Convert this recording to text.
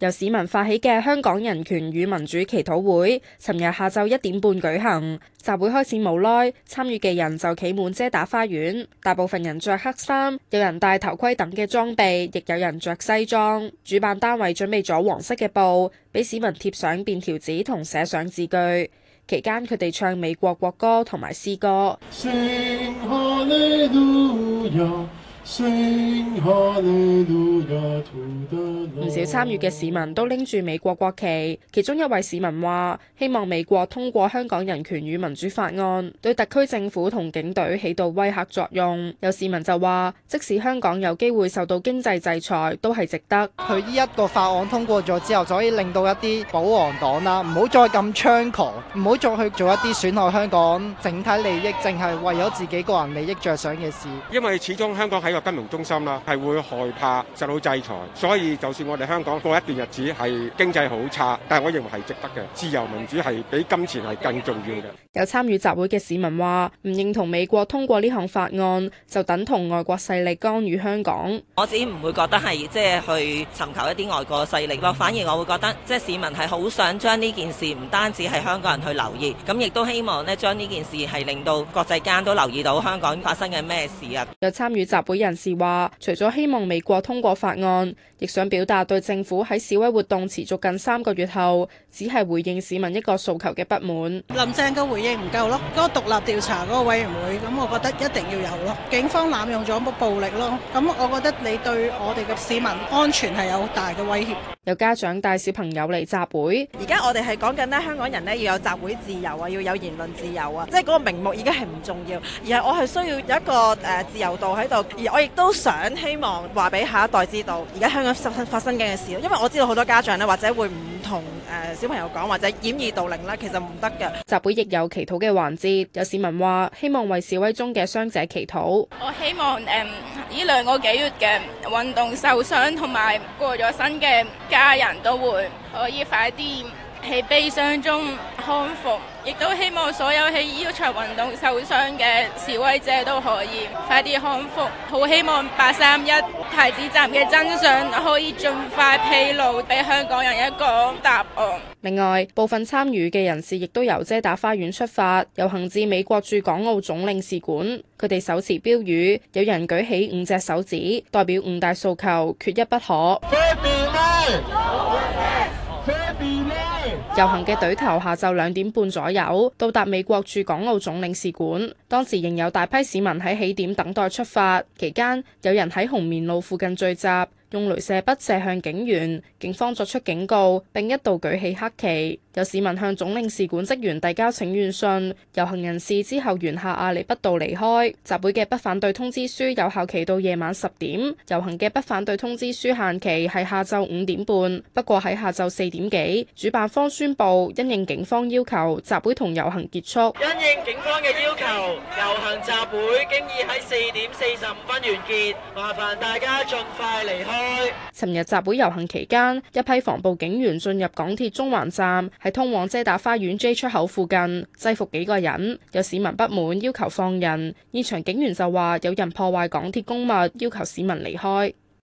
由市民發起嘅香港人權與民主祈禱會，尋日下晝一點半舉行。集會開始冇耐，參與嘅人就企滿遮打花園。大部分人着黑衫，有人戴頭盔等嘅裝備，亦有人着西裝。主辦單位準備咗黃色嘅布，俾市民貼上便條紙同寫上字句。期間，佢哋唱美國國歌同埋詩歌。Say, 唔少參與嘅市民都拎住美國國旗，其中一位市民話：希望美國通過香港人權與民主法案，對特區政府同警隊起到威嚇作用。有市民就話：即使香港有機會受到經濟制裁，都係值得。佢呢一個法案通過咗之後，就可以令到一啲保皇黨啦，唔好再咁猖狂，唔好再去做一啲損害香港整體利益，淨係為咗自己個人利益着想嘅事。因為始終香港喺金融中心啦，係會害怕受到制裁，所以就算我哋香港過一段日子係經濟好差，但係我認為係值得嘅。自由民主係比金錢係更重要嘅。有參與集會嘅市民話唔認同美國通過呢項法案，就等同外國勢力干預香港。我自己唔會覺得係即係去尋求一啲外國勢力咯，反而我會覺得即係、就是、市民係好想將呢件事唔單止係香港人去留意，咁亦都希望咧將呢件事係令到國際間都留意到香港發生嘅咩事啊。有參與集會。人士話，除咗希望美國通過法案，亦想表達對政府喺示威活動持續近三個月後，只係回應市民一個訴求嘅不滿。林鄭嘅回應唔夠囉，個獨立調查個委員會，噉我覺得一定要有囉。警方濫用咗暴力囉，噉我覺得你對我哋嘅市民安全係有大嘅威脅。有家長帶小朋友嚟集會，而家我哋係講緊呢，香港人呢要有集會自由啊，要有言論自由啊，即係嗰個名目已經係唔重要，而係我係需要有一個呃自由度喺度。我亦都想希望話俾下一代知道，而家香港發生嘅嘅事，因為我知道好多家長咧，或者會唔同誒小朋友講，或者掩耳盜鈴啦，其實唔得嘅。集會亦有祈禱嘅環節，有市民話希望為示威中嘅傷者祈禱。我希望誒呢兩個幾月嘅運動受傷，同埋過咗身嘅家人都會可以快啲，喺悲傷中康復，亦都希望所有喺呢場運動受傷嘅示威者都可以快啲康復。好希望八三一太子站嘅真相可以盡快披露，俾香港人一個答案。另外，部分參與嘅人士亦都由遮打花園出發，遊行至美國駐港澳總領事館。佢哋手持標語，有人舉起五隻手指，代表五大訴求，缺一不可。遊行嘅隊頭下晝兩點半左右到達美國駐港澳總領事館。當時仍有大批市民喺起點等待出發，期間有人喺紅棉路附近聚集。用鐳射筆射向警員，警方作出警告，並一度舉起黑旗。有市民向總領事館職員遞交請願信。遊行人士之後沿下亞厘畢道離開。集會嘅不反對通知書有效期到夜晚十點，遊行嘅不反對通知書限期係下晝五點半。不過喺下晝四點幾，主辦方宣布因應警方要求，集會同遊行結束。因應警方嘅要求，遊行集會經已喺四點四十五分完結，麻煩大家盡快離開。尋日集會遊行期間，一批防暴警員進入港鐵中環站，喺通往遮打花園 J 出口附近，制服幾個人，有市民不滿，要求放人，現場警員就話有人破壞港鐵公物，要求市民離開。